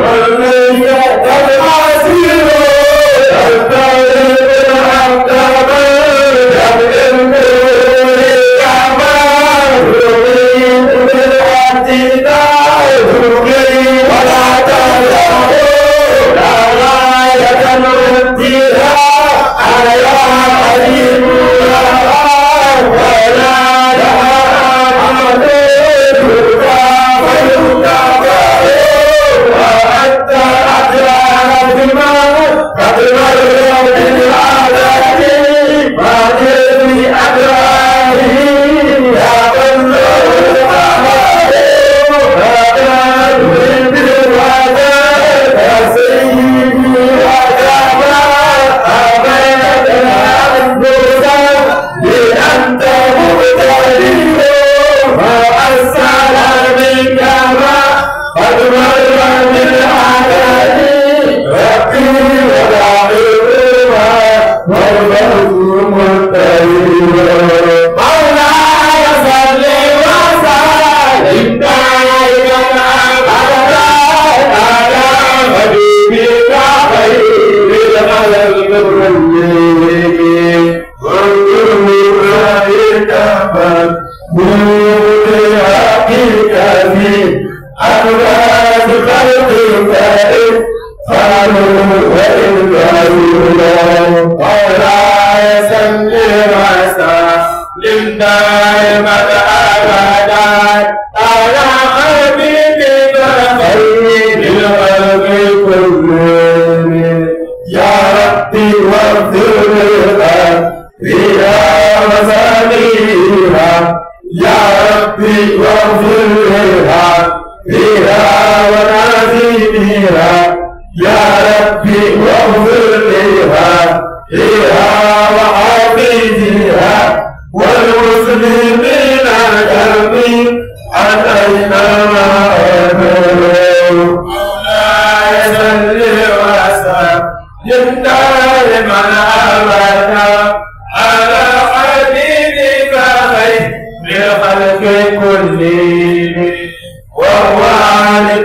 على يا علي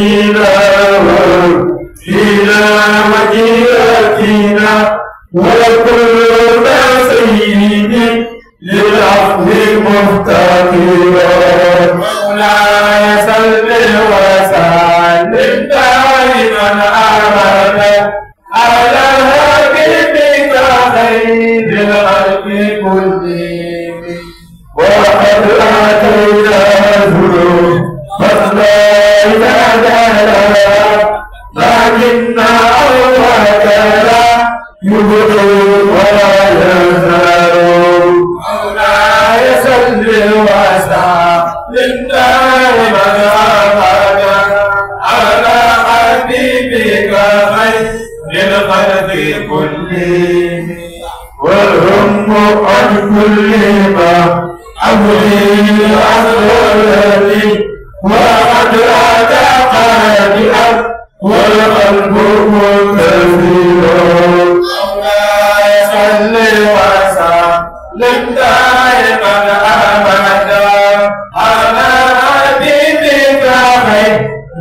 فينا وفينا وفينا وكل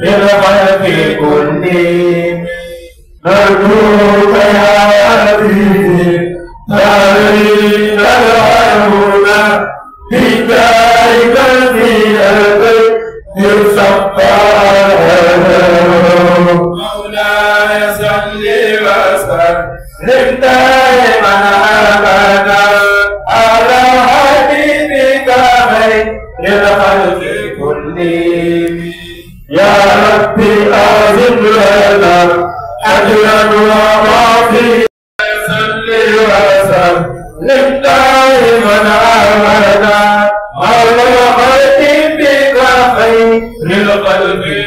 للغرب كله نجوم لله من أبدا مولى الخلق بك خير القلب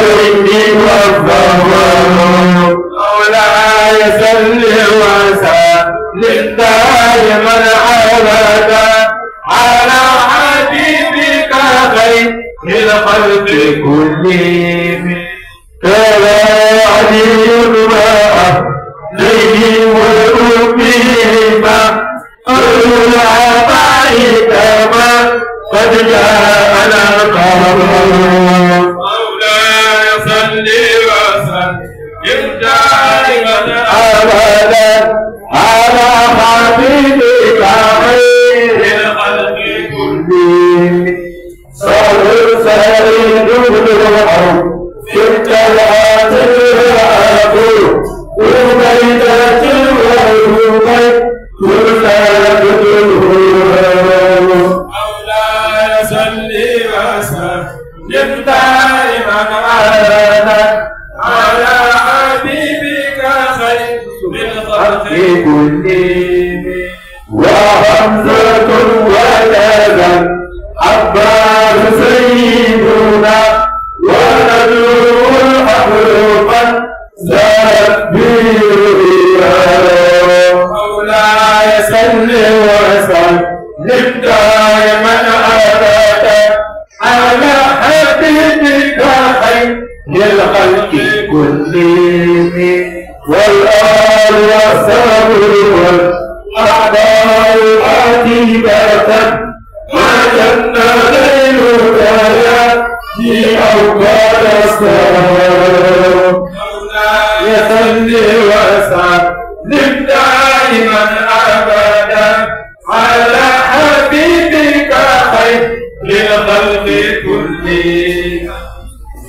الإنجيل والظهور مولاي سل وسلم من أبدا على حبيبك خير الخلق كلهم كما علي ما أهديه وأمهما أولو العطاء كما قد جاءنا القرار مولاي vida الخلق كلي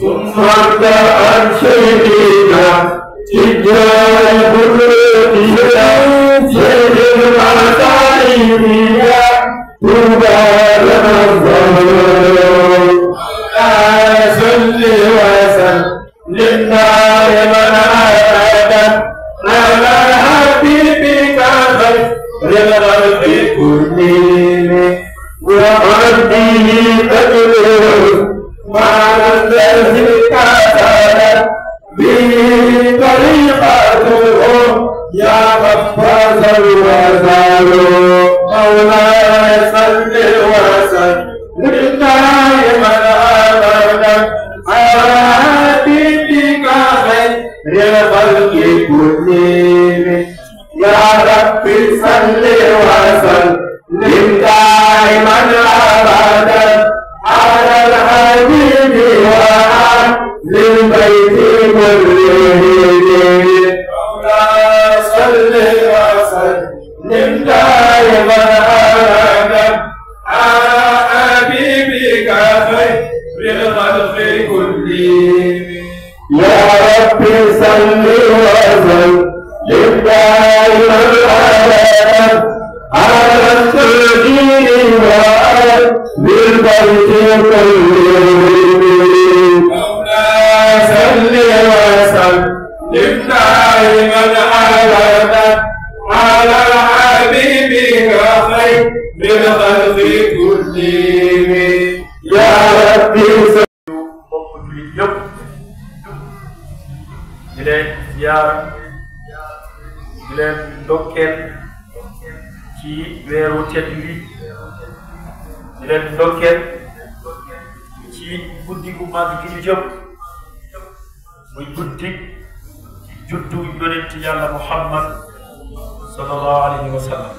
ثم ارتع عن سيدنا تجاه بريتنا سيد المعتالين طوبى لنا الظلم صل وسلم للنار يا غفار الوزار مولانا لله العالم على حبيبك خير الخلق كلهم يا رب صل وسلم لله العالم على السجين وعلى بالبيت كلهم jullit yëpp di leen ziyaar di leen ci weeru tedd bi leen ndokkeel ci guddi gu mag gi ñu jëm muy guddi juddu yonent yàlla Muhammad sallallahu alayhi wa sallam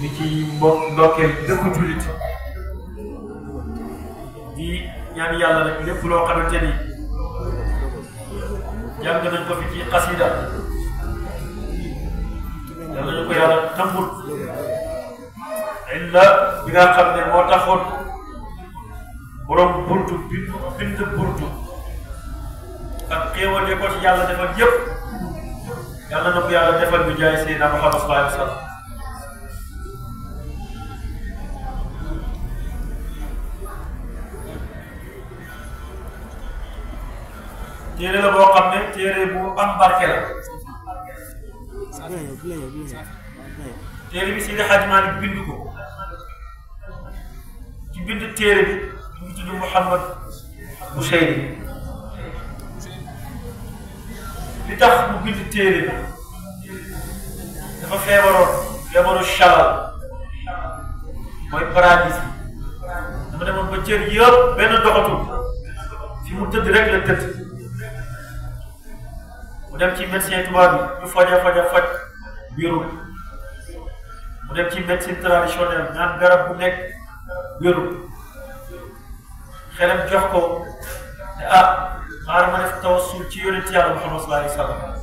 ñu ci mbokk ndokkeel dëkku ñaan yàlla rek lépp loo xamante ni jàng nañ ko fi ci xasida yàlla ñu ko yàlla tàmbul illa bi nga xam ne moo taxoon borom burtu bind bind burtu ak xéewal ko ci yàlla defal yëpp yàlla jaay Muhammad sallallahu téere la boo xam ne téere bu am barke la téere bi Seydi Hadji Malick bind ko ci bind téere bi ñu ngi tudd Mouhamad Bouseyri li tax mu bind téere bi dafa feebaroon feebaru chalal mooy paradis dama demoon ba cër yëpp benn doxatul fi mu tëdd rek la tëdd mu dem ci médecin tubaab bi ñu faj a faj a faj wérul mu dem ci médecine traditionnelle garab bu nekk wérul xelam jox ko ne ah xaaral ma def tawassul ci yonent yàlla Muhammad sallallahu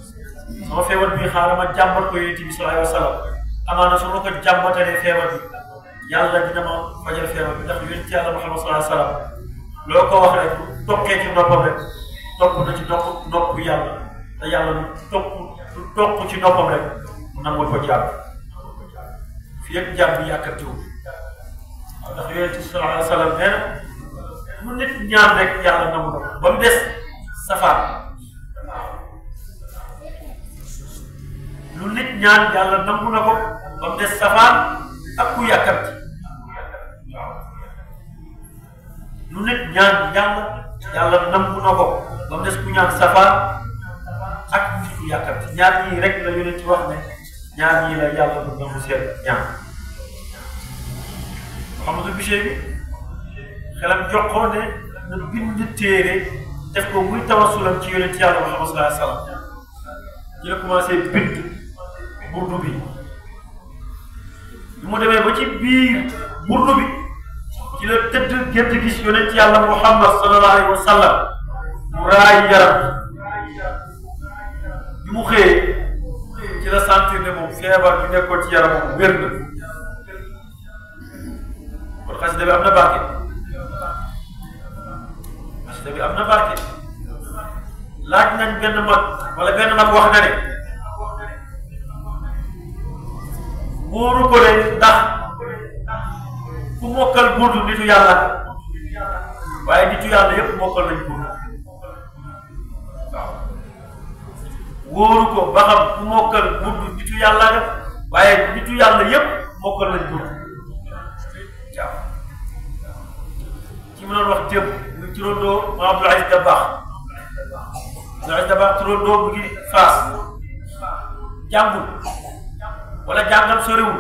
su ma ko jàmbatalee feebar bi yàlla dina ma fajal feebar bi ndax yonent yàlla Muhammad sallallahu alayhi wa ko wax rek bu tokkee ci rek topp na ci nopp nopp yàlla. te yàlla du topp du topp ci noppam rek nangul ko jàpp fii ak jàpp bi yàkkat jiw waaw ndax yonente sallallahu alayhi wa sallam nee na mu nit ñaan rek yàlla nangu na ba mu des safar lu nit ñaan yàlla na mu na ko ba mu des ku ñaan safar ci yàkkamti ñaar rek la yonent ci wax ne ñaar ñii la na bind téere def ko muy tawasulam ci yonent yàlla Muhammad sallallahu ci la commencé bind mu demee ba ci biir burdu bi ci la gis yonent yàlla Muhammad sallallahu alayhi wa mu raay yaram mu xëyee ci la sentir moom feebar bi nekkoon ci yaramam wér na kon xasida bi am na barke xasida bi am na barke laaj nañ benn mag wala benn mag wax na ne wóoru ko ne ndax ku mokkal gudd nitu yàlla waaye nitu yàlla yëpp mokkal nañ gudd wóoru ko ba xam ku mokkal mudd nitu yàlla waaye nitu yàlla yépp mokkal lañ mudd waaw ci ma doon wax jëm muy turandoo ma Abdul Aziz Dabaax Abdul Aziz Dabaax turandoo mu Faas jàngul wala jàngam soriwul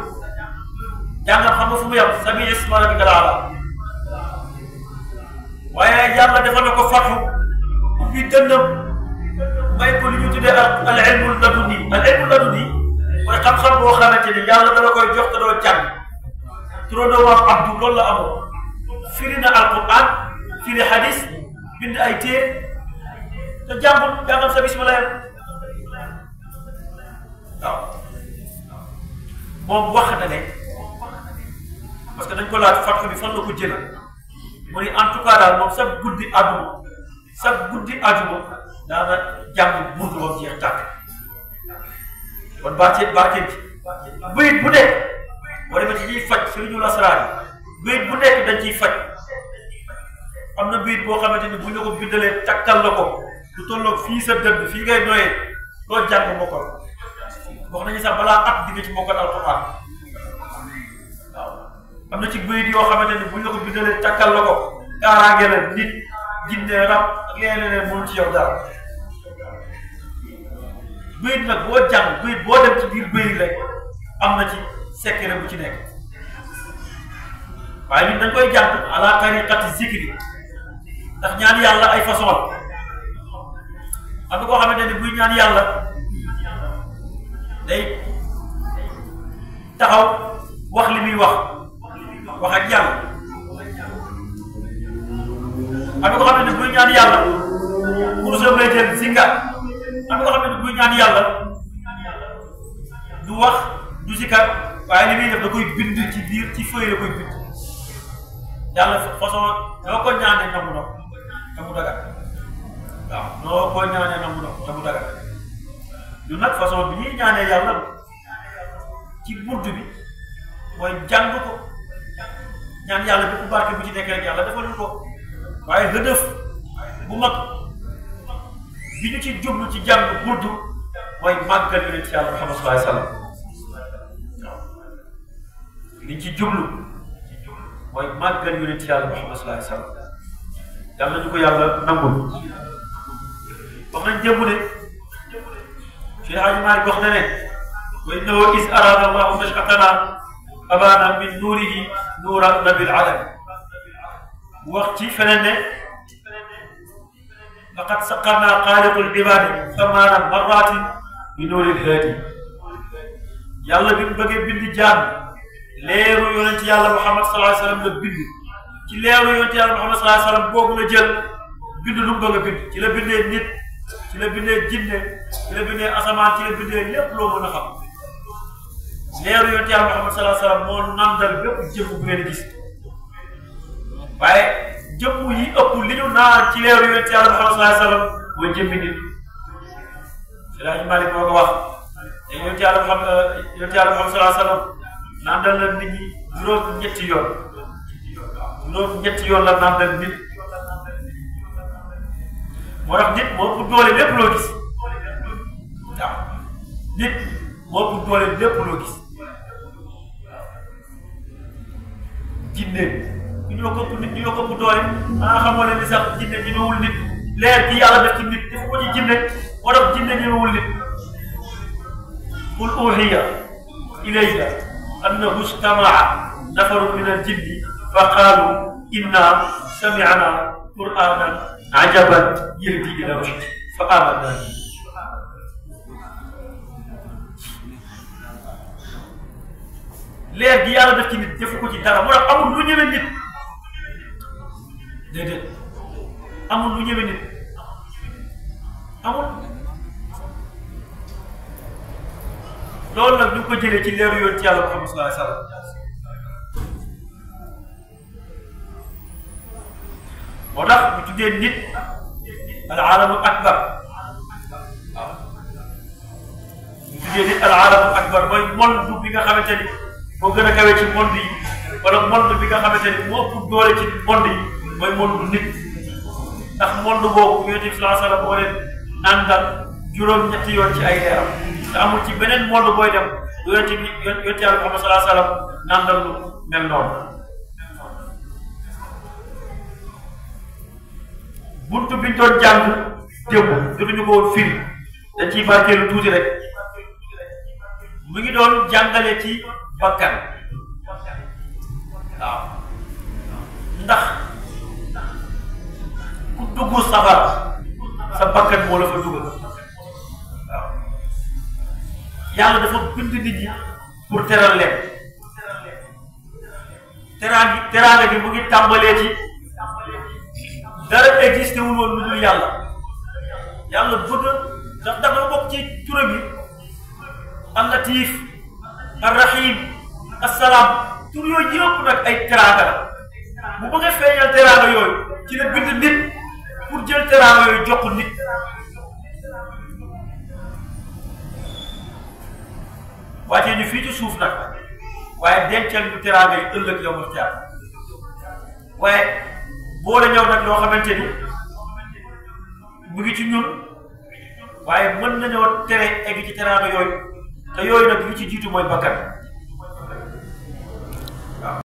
jàngam xam nga fu mu yem sami isma rabbika ala waaye yàlla defal ko fatu ubbi dënnam may ko li ñu tuddee al al ilmul laduni al ilmul laduni mooy xam-xam boo xamante ni yàlla dala koy jox te doo jàng turandoo maam Abdu loolu la amoon firi na alquran firi hadis bind ay téere te jàngul jàngal sa bismillah waaw moom wax na ne parce que dañ ko laaj fàttu bi fan la ko jëla mu ni en tout cas daal moom sa guddi àjjuma sa guddi àjjuma daanaka. jàng bu juróom jeex tàkk kon barke barke bi bayit bu nekk boo demee ci ciy faj sëriñu lasaraan yi bayit bu nekk dañ ciy faj am na bayit boo xamante ni bu ñu ko bindalee takkal la ko du tolloog fii sa dënd fii ngay noyee loo jàng mokkal wax nañu sax balaa at di nga ci mokkal alquran waaw ci bayit yoo xamante ni ko bindalee takkal la ko nit jinne rab ak leneen leneen ci yow dara bëyit nag boo jàng bëyit boo dem ci biir bëyit rek am na ci secret bu ci nekk waaye ñun dañ koy jàng ala tariqati zikri ndax ñaan yàlla ay façon la am na koo xamante ne buy ñaan yàlla day taxaw wax li muy wax wax ak yàlla am na koo xamante ne buy ñaan yàlla pour se météo si nga. am nga xam ne buy ñaan yàlla du wax du sikar waaye li muy def da koy bind ci biir ci feuille la koy bind yàlla façon loo ko ñaanee na mu dox te waaw loo ko ñaanee na mu dox te mu nag façon bi ñuy ñaanee yàlla ci burd bi mooy jàng ko ñaan yàlla bi ku barke ci nekk rek yàlla defal ko waaye hëdëf bu mag بيجي تجوب لو تجام لو بردو واي ما كان من تيار محمد صلى الله عليه وسلم بيجي تجوب لو واي ما كان من تيار محمد صلى الله عليه وسلم دام نجوك يا الله نعمل فمن جبل في هذا ما يقدرنا وإنه إذ أراد الله مشقتنا أبانا من نوره نور نبي العالم وقتي فلنه laqad saqarnaa xaaliqul ibaadi samaana marraati bi nuuril haadi yàlla bi mu bëggee bind jaam leeru yonent yàlla Muhammad sallallahu alayhi wasallam la bind ci leeru yonent yàlla Muhammad sallallahu boobu la jël bind lu mu bëgg a bind ci la bindee nit ci la bindee jinne ci la bindee asamaan ci la bindee lépp loo mën a xam leeru yonent yàlla Muhammad sallallahu alayhi wasallam moo nandal bépp jëmm yi ëpp li ñu naan ci leeru yonent yàlla Muhammad sallallahu alayhi wa sallam mooy jëmmi nit Alaaji Malik moo ko wax te yonent yàlla Muhammad yonent yàlla Muhammad sallallahu alayhi wa sallam nandal na nit ñi juróom ñetti yoon juróom ñetti yoon la nandal nit moo tax nit moo ëpp doole lépp loo gis waaw nit moo ëpp doole lépp loo gis jinne ñu ñoo këpp nit ñu ñoo këpp doole xanaa xamoo leen ni sax jinne ñemewul nit leer bi yàlla def ci nit def ko ci jinne moo def jinne ñemewul nit qul uhiya ilayya annahu ijtamaca nafaru min aljinni fa qaalu inna samicna qur'anan ajaban yahdi ila rushd fa amanna bihi leer gi yàlla def ci nit defu ko ci dara mu ne amul lu ñëwee nit déedéet amul lu ñëwee nit amul loolu nag ñu ko jëlee ci leeru yoon ci yàlla Muhammad sallallahu alayhi moo tax bu tuddee nit al alamu akbar waaw tuddee nit al alamu akbar mooy monde bi nga xamante ni moo gën a kawe ci monde yi wala monde bi nga xamante ni moo ëpp doole ci monde mooy monde nit ndax monde boobu yonent bi sallallahu alayhi wa sallam juróom-ñetti yoon ci ay leeram te amul ci beneen monde booy dem yonent bi yonent yàlla Muhammad mel noonu buntu bi ñu doon jàng démb jotuñu ko woon firi dañ ciy barkeelu tuuti rek mu ngi doon jàngale ci bakkan waaw ndax dugg safara sa bakkan moo la fa dugal waaw yàlla dafa bind nit ñi pour teral leen teraanga bi mu ngi tàmbalee ci dara existé wul woon lu dul yàlla yàlla bëgg ndax dafa bokk ci turam yi al latif al rahim assalaam yooyu yëpp la bu nit pour jël teraanga yooyu jox nit fii ci suuf nag waaye dencal ñu teraanga yi ëllëg yow mu jaar waaye boole ñëw nag loo xamante ni mu ngi ci ñun waaye mën nañoo tere egg ci teraanga yooyu te yooyu nag li ci jiitu mooy bakkan